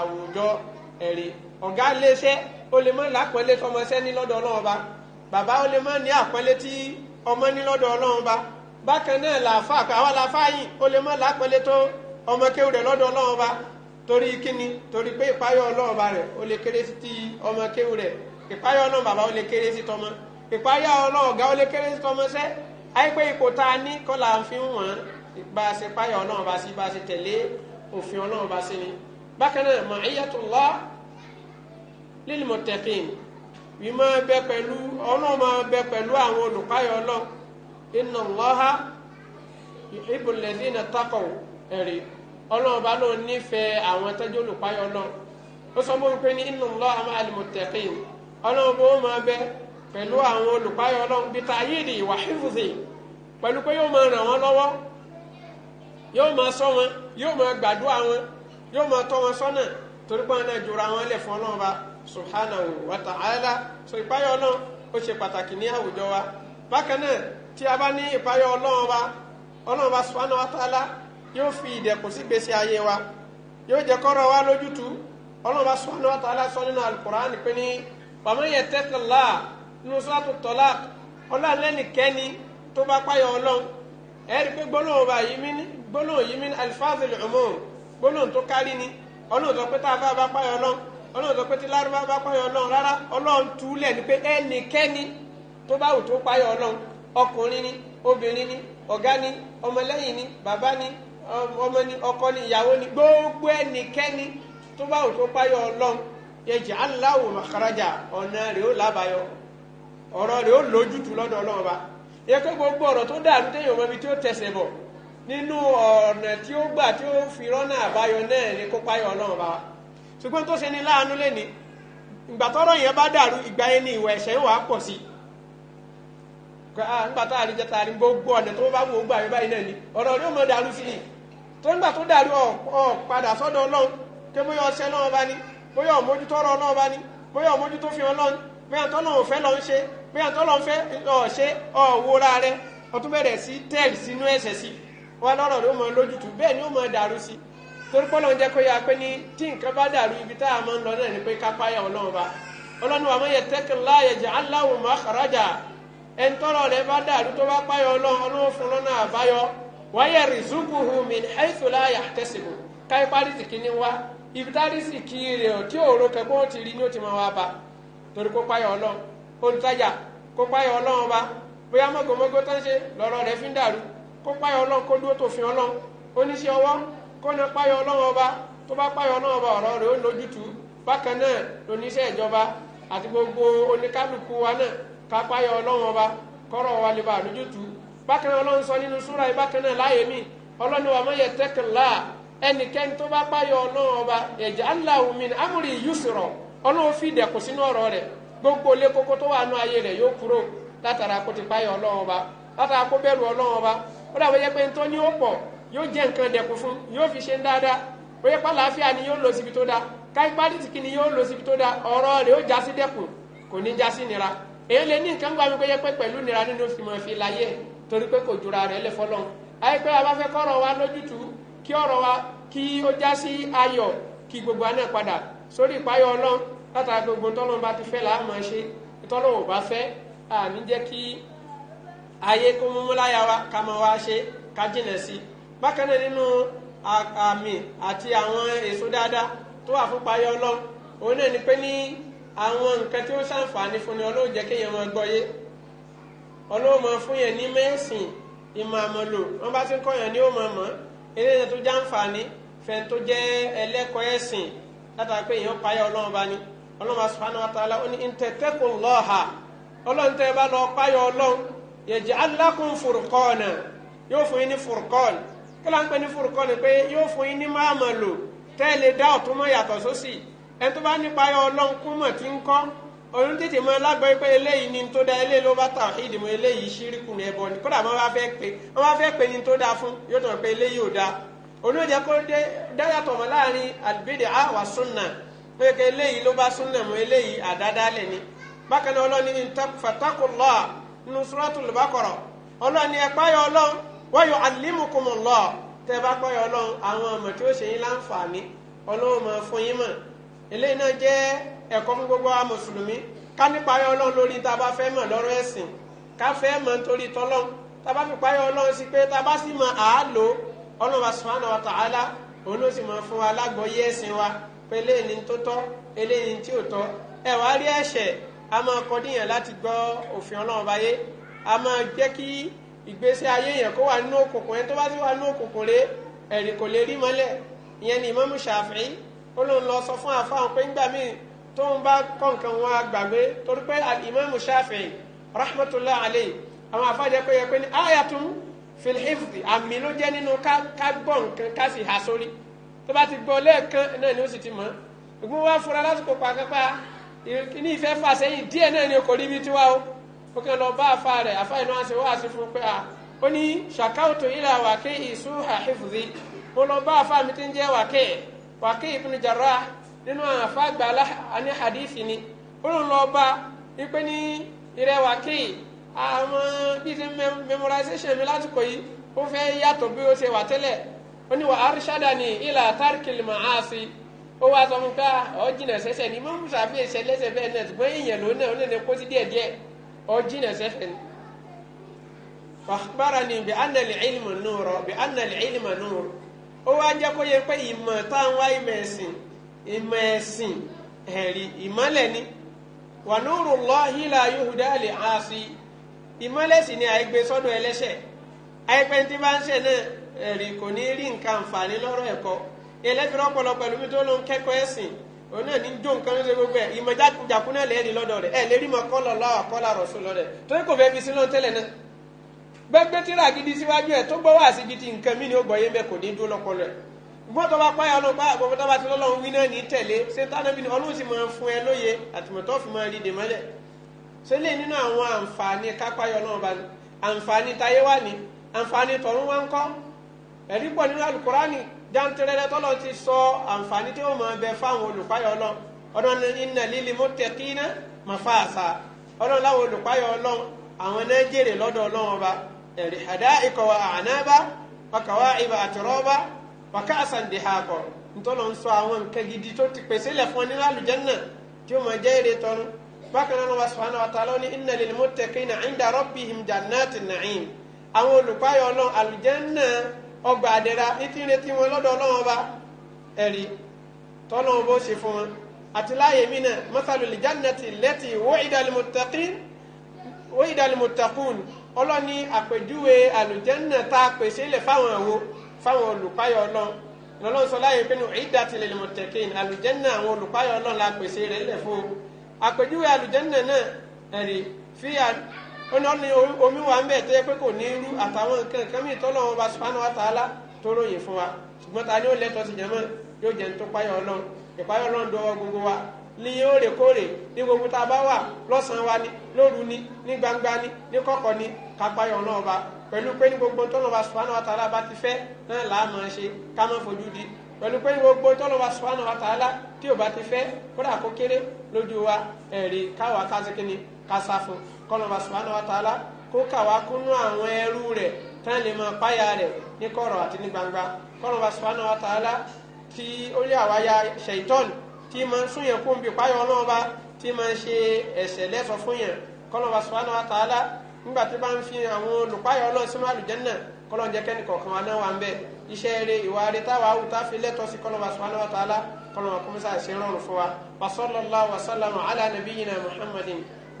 àwùjọ ẹ̀rí ọ̀gá léṣẹ́ ó lè mọ́ lápẹ́lẹ́ tọmọṣẹ́ ní lọ́dọ̀ ọlọ́run ọba bàbá ó lè mọ́ ní àpẹ́lẹ́ tí ọmọ ní lọ́dọ̀ ọlọ́run ọba bákan náà làáfà àwa làáfà yìí ó lè mọ́ lápẹ́lẹ́ tó ọmọ kéwù rẹ̀ lọ́dọ̀ ọlọ́run ọba torí kíni torí pé ìpáyọ̀ ọlọ́run ọba rẹ̀ ó lè kéré sí ti ọmọ kéwù rẹ̀ ìpáyọ̀ ọlọ́run bàbá ó lè kéré sí tọmọ ìpáyọ̀ ọlọ́run ọ̀gá ó lè kéré sí tọmọ sẹ́ àìpé ipò tá a ní kọ́ là ń fi wọ́n bá a ṣe páyọ̀ ọlọ́run ọba sí bá a ṣe tẹ̀lé òfin ọlọ́run ọba sí ni bákan náà ma'iyatullah lil muttaqin ìmọ̀ bẹ pẹ̀lú ọlọ́run máa bẹ pẹ̀lú àwọn olùpáyọ̀ ọlọ́run inna Allaha yuhibbul ladhina taqaw ẹ̀rí ọlọ́run bá lóun nífẹ̀ẹ́ àwọn tẹ́jú olùpáyọ̀ ọlọ́run ó sọ fún mi pé ní inna Allaha ma'al muttaqin ọlọ́run bó máa bẹ pẹ̀lú àwọn olùpáyọ̀ ọlọ́run bí tayidi wa hifzi pẹ̀lú pé yóò máa ràn wọ́n lọ́wọ́ yóò máa ṣọ́ wọn yóò máa gbàdúrà wọn yóò máa tọ́ wọn sọ́nà torí pé wọn náà jura wọn lẹ̀ fún ọlọ́run ba subhanahu wa ta'ala so ìpáyọ̀ ọlọ́run ó ṣe pàtàkì ní àwùjọ wa bákan náà tí a bá ní ìpáyọ̀ ọlọ́run ba ọlọ́run ba subhanahu wa ta'ala yóò fi ìdẹ̀kùn sí gbèsè ayé wa yóò jẹ́ kọ́rọ̀ wa lójútùú ọlọ́run ba subhanahu wa ta'ala sọ nínú alukur'an pé ní pàmò yẹ tẹ́tìlá nínú sọ́tù tọ́lá ọlọ́run lẹ́nìkẹ́ni tó bá páyọ̀ ọlọ́run ẹ̀rí pé gbólóhùn yìí min alifazil umum gbólóhùn tó kárí ni ọlọ́run sọ pé tá a bá bá páyọ̀ ọlọ́run ọlọ́run sọ pé tí lárúbá bá páyọ̀ ọlọ́run rárá ọlọ́run túlẹ̀ ni pé ẹnikẹ́ni tó bá wù tó ọkùnrin ni obìnrin ni ọ̀gá ni ọmọlẹ́yìn ni bàbá ni ọkọ ni ìyàwó ni gbogbo ẹnikẹ́ni tó bá wù tó màkàràjà ọ̀nà ó lábàáyọ ọ̀rọ̀ ó lójútùú lọ́dọ̀ ọlọ́run nínú ọ̀nà tí ó gbà tí ó fi rọ́nà àbáyọ náà ní kó páyọ̀ ọlọ́run bá ṣùgbọ́n tó ṣe ní láàánú lẹ́ni ìgbà tọ́rọ̀ yẹn bá dàrú ìgbà yẹn ni ìwà ẹ̀ṣẹ̀ wàá pọ̀ sí ah, nígbà tá a jẹta ní gbogbo ọ̀nà tó bá wù ó gbà mí báyìí náà ni ọ̀rọ̀ ni ó dàrú sí ni tó nígbà tó dàrú ọ̀ padà sọ́dọ̀ ọlọ́run pé bóyá náà bá ní bóyá ọmójútó ọ̀rọ̀ bá ní bóyá ọmójútó fi ọlọ́run bóyá tọ́lọ́ òfẹ́ lọ ń ṣe bóyá tọ́lọ́ ń fẹ́ ọ̀ ṣe rẹ ó bẹ̀rẹ̀ sí tẹ́ẹ̀lì sínú ẹ̀ṣẹ̀ sí i wọn lọrọ ló mọ lójútù bẹ́ẹ̀ ni ó mọ dàrú sí torí kó yá ní tí nǹkan bá dàrú ibi máa ń lọ náà ni pé kápáyà Ọlọ́run bá Ọlọ́run wa man yattaqillaha yaj'al lahu makhraja ẹni tọ́rọ̀ rẹ̀ bá dàrú tó bá fún àbáyọ wá ibi tí òòrò ti rí wá bá torí kó olùtajà kó bá bóyá tán ṣe kó páyọ ọlọ́run kó dúró tòfin ọlọ́run oníṣẹ́ ọwọ́ kó ní páyọ ọlọ́run ọba tó bá páyọ ọlọ́run ọba ọ̀rọ̀ rẹ̀ ó lójútùú bákan náà lóníṣẹ́ ìjọba àti gbogbo oníkálukú wa náà ká páyọ ọba kọrọ wa lè bá lójútùú bákan náà sọ nínú súra yìí bákan náà láàyè mí wa yẹ tó bá ọba fi sínú gbogbo tó wà ayé yóò kúrò látara kó ti ọba látara kó ọba ó dàbọ̀ yẹ pé ntọ́ ni ó pọ̀ yóò jẹ́ nǹkan dẹ̀kun fún yóò fi ṣe ń dáadáa ó yẹ pàlàáfíà ni yóò lọ síbi tó dáa káyipá rìsíkì ni yóò lọ síbi tó dáa ọ̀rọ̀ rẹ̀ ó já sí dẹ̀kun kò ní já sí nira èyí lè ní nǹkan gbà mí pé yẹ pé pẹ̀lú nira nínú fìmọ̀ fi láyé torí pé kò jura rẹ̀ lẹ̀ fọlọ́n àyè pé a bá fẹ́ kọ́rọ̀ wa lójútùú kí ọ̀rọ̀ wa kí ó já sí ayọ̀ kí gbogbo àná padà sórí ìpáyọ̀ ọlọ́run látara gbogbo tọ́lọ́run bá ti fẹ́ làá máa ṣe tọ́lọ́run ò bá fẹ́ àmì jẹ́ kí ayé kó múmú láyà wa ká máa wá ṣe ká jìnà sí bákan náà nínú àmì àti àwọn èso dáadáa tó wà fún payọ Ọlọ́run òun náà ni pé ní àwọn nǹkan tí ó ṣàǹfààní fún ni Ọlọ́run jẹ́ kéèyàn máa gbọ́ yé Ọlọ́run máa fún yẹn ní mẹ́sìn ìmọ̀ àmọ̀lò wọn bá ti ń kọ́yàn ní òmò mọ́ eléyìí tó jàǹfààní fẹ́ni tó jẹ́ ẹlẹ́kọ̀ọ́ ẹ̀sìn látara pé èèyàn payọ Ọlọ́run bá ní Ọlọ́run subhanahu wa ta'ala ó ní ntẹ̀tẹ̀kùn lọ́ọ̀ha Ọlọ́run tẹ́ bá lọ payọ Ọlọ́run yaj'al lakum furqana yóò fún yín ní furqan kí ló ń pè ní furqan ni pé yóò fún yín ní máàmà lò tẹ́lẹ̀ dá ọ̀tún mọ́ yàtọ̀ sósì ẹni tó bá nípa ayọ̀ ọlọ́run kún mọ̀ tí ń kọ́ òun tètè mọ lágbọ́ pé eléyìí ni tó da eléyìí ló bá tàwhídì mọ́ eléyìí ṣíríkù ní ẹbọ ni kódà wọ́n bá fẹ́ pé wọ́n bá fẹ́ pé ni tó da fún yóò tàn pé eléyìí ò da òun ò jẹ́ kó dé dáyàtọ̀ mọ́ láàrin àlùbídì àwà súnà pé eléyìí ló bá súnà mọ́ eléyìí àdádálẹ̀ ni bákan náà ọlọ́ni ní nínú Suratul Baqara ọlọ́ni ẹ páyọ ọlọ́run wa yu'allimukumullah tẹ́ bá páyọ ọlọ́run àwọn ọmọ tí ó ṣe yín láǹfààní ọlọ́run máa fún yín mọ̀ eléyìí náà jẹ́ ẹ̀kọ́ fún gbogbo wa mùsùlùmí ká ní páyọ ọlọ́run lórí tá a bá fẹ́ mọ̀ lọ́rọ̀ ẹ̀sìn ká fẹ́ mọ̀ nítorí tá a bá fi sí pé tá a bá sì mọ àálò wa ni tó eléyìí ni tí ò a máa kọdíyàn láti gbọ́ òfin ọlọ́run báyé a máa jẹ́ kí ìgbésí ayé yẹn kó wà nínú òkùnkùn ẹni tó bá ti wà nínú òkùnkùn rẹ̀ ẹ̀rì kò lè rí mọ́lẹ̀ ìyẹn ni Ìmámù Ṣàfi'í ó lóun lọ sọ fún àfáà pé ńgbà míì tó ń bá kọ́ nǹkan wọn àgbàgbé torí pé Ìmámù Ṣàfi'í rahmatulah alayhi àwọn àfáàjẹ pé yẹ pé ní ayatun fil àmì ló jẹ́ nínú ká gbọ́ nǹkan ká sì hà sórí tó bá ti gbọ́ lẹ́ẹ̀kan náà ni ó sì ti mọ̀ ọ́ ìgbìmọ̀ wá fúnra lásìkò pàápàá kíní ìfẹ́ fà sẹ́yìn díẹ̀ náà ni kò ríbi tiwa o ó kàn lọ bá àfa rẹ̀ àfa ìlú àṣẹ wá sí fún pé à ó ní ṣàkáwùtò ìlà wàké ìṣú àhífùdí mo lọ bá àfa mi ti ń jẹ́ wàké wàké ibn Jarrah nínú àwọn àfa àgbà ní hadith ni ó lọ lọ bá ipe ní ìrẹ́ wàké àwọn bíi ti memorization mi lásìkò yìí ó fẹ́ yàtọ̀ bí ó ṣe wà tẹ́lẹ̀ ó ní wà arṣádà ní ìlà tárkìlì màá sí i ó wá sọ fún ká ah, ọ jìnà sẹ́sẹ̀ ní mọ́ musa fi ẹsẹ̀ lẹ́sẹ̀ bẹ́ẹ̀ náà ṣùgbọ́n èèyàn ló náà ó lè ní kó sí díẹ̀ díẹ̀ ọ jìnà sẹ́sẹ̀ ni. fàkpára ni bí anàlì ìlmù nùrọ̀ bí anàlì ìlmù nùrọ̀ ó wá jẹ́ kó yẹ pé ìmọ̀ táwọn wá ìmọ̀ ẹ̀sìn ìmọ̀ ẹ̀sìn ẹ̀rí ìmọ̀lẹ̀ ni wà nùrù lọ́hìn la yóhùdá lè hàn sí ìmọ̀lẹ̀ ni àìgbé sọ́dọ̀ ẹlẹ́ṣẹ̀ àìpẹ́ntì bá ń ṣe náà ẹ̀rí kò ní rí nǹkan àǹfààní lọ́rọ̀ ẹ̀kọ́ ẹlẹ́fìrọ́ ọ̀pọ̀lọpọ̀ ẹlòmí tó ló ń kẹ́kọ̀ọ́ ẹ̀sìn òun náà ní jó nǹkan ló ṣe gbogbo ẹ̀ ìmọ̀ jákujàku náà lẹ́ẹ̀rí lọ́dọ̀ rẹ̀ ẹ̀ lérí mọ kọ́lọ̀ lọ́wọ́ kọ́lá rọ̀ṣù lọ́dẹ̀ torí kò fẹ́ fi sílọ́n tẹ́lẹ̀ náà gbẹgbẹ́ tíra gidi síwájú ẹ̀ tó gbọ́ wá sí gidi nǹkan mí ni ó gbọ́yé bẹ́ẹ̀ kò ní dúró lọ́kọ́ rẹ̀ gbọ́n tó bá páyà ọlọ́run bá àgbọ̀n tó bá ti lọ́lọ́run wí náà ní tẹ̀lé ṣé tánàbí ni ọlọ́run sì máa fún ẹ lóye àtìmọ̀tọ́ fi máa rí dè mọ́lẹ̀ ṣé lè nínú àwọn àǹfààní kápáyà ọlọ́run bá ní àǹfààní tayé wà ní àǹfààní tọ̀run wá ń kọ́ ẹ̀rí pọ̀ nínú àlùkùránì jantirẹrẹ tọ́lọ̀ ti sọ àǹfààní tí ó máa bẹ fáwọn olùpáyọ̀ ọlọ́run ina iná líle mú tẹ̀kínà màfáàsà ọlọ́run láwọn olùpáyọ̀ ọlọ́run àwọn náà jèrè lọ́dọ̀ ọlọ́run ọba ẹ̀rì àdá ìkọ̀wà ànábá ọkàwá ibà àtìrọ́bá wàká àsàǹdì àkọ́ ntọ́lọ̀ ń sọ àwọn nǹkan gidi tó ti pèsè lẹ̀ fún nínú àlùjànnà tí ó máa jẹ́ èrè tọ́nu bákan náà wà sùfàánà wà tààlọ́ ní iná líle mú tẹ̀kínà ìdá rọ́bìhìm jannati na'im àwọn olùpáyọ̀ ọlọ́run àlùjànnà ọgbà àdẹ̀ra ní tí ń retí wọn lọ́dọ̀ ọlọ́run ọba ẹ̀rí tọ́lọ́run bó ṣe fún wọn àti láàyè mí náà masalul jannati lẹ́tì wa'idal muttaqun ọlọ́ni àpèjúwe àlùjànnà tá a pèsè lẹ̀ fáwọn àwo fáwọn olùpáyọ̀ ọlọ́run lọ́lọ́run sọ láàyè pé u'iddat lil muttaqin àlùjànnà àwọn olùpáyọ̀ ọlọ́run la pèsè rẹ̀ lẹ̀ fún ó ní ọ́nà omi wà ń bẹ̀ tó yẹ pé kò ní irú àtàwọn nǹkan nǹkan mìíràn tọ́lọ́ wọn bá sùpánù àtàlá tó ròyìn fún wa ṣùgbọ́n ta ni ó lẹ́tọ̀ọ́ sí jẹ́mọ́ yóò jẹ́ tó páyọ̀ ọlọ́run ìpáyọ̀ ọlọ́run dọwọ́ gbogbo wa ní òrèkóòrè ní gbogbo tá a bá wà lọ́sàn-án wa ni lóru ni ní gbangba ni ní kọ̀kọ̀ ni ká páyọ̀ ọlọ́run ba pẹ̀lú pé ní gbogbo tọ́lọ́ba subhanahu wa ta'ala bá ti fẹ́ náà làá máa ṣe ká má fojú di pẹ̀lú pé ní gbogbo tọ́lọ́ba subhanahu wa ta'ala tí ò bá ti fẹ́ kódà kó kéré lójú wa ẹ̀rí káwa ká kásá fún kọlọmọ subhanahu wa ta'ala kó kàwá kúnú àwọn ẹrú rẹ̀ tán lè máa páyà rẹ̀ ní kọ̀rọ̀ àti ní gbangba kọlọmọ subhanahu wa ta'ala tí ó lé àwáyá ṣèitọ́n tí máa ń súnyẹn kó ń bi páyọ̀ ọlọ́ọ̀ba tí máa ń ṣe ẹ̀ṣẹ̀ lẹ́sọ̀ fún yẹn kọlọmọ subhanahu wa ta'ala nígbà tí bá ń fi àwọn olùpáyọ̀ ọlọ́ọ̀ sínú àlùjánnà kọlọ́n jẹ́ kẹ́ni kọ̀ọ̀kan wa náà wà ń bẹ̀ iṣẹ́ eré ìwà rẹ táwa awù tá a fi lẹ́tọ̀ọ́ sí kọlọ́n wa subhanahu wa ta'ala kọlọ́n wa kọ́mísà ṣe rọrùn fún wa wa sallallahu wa sallam ala nabiyyina muhammadin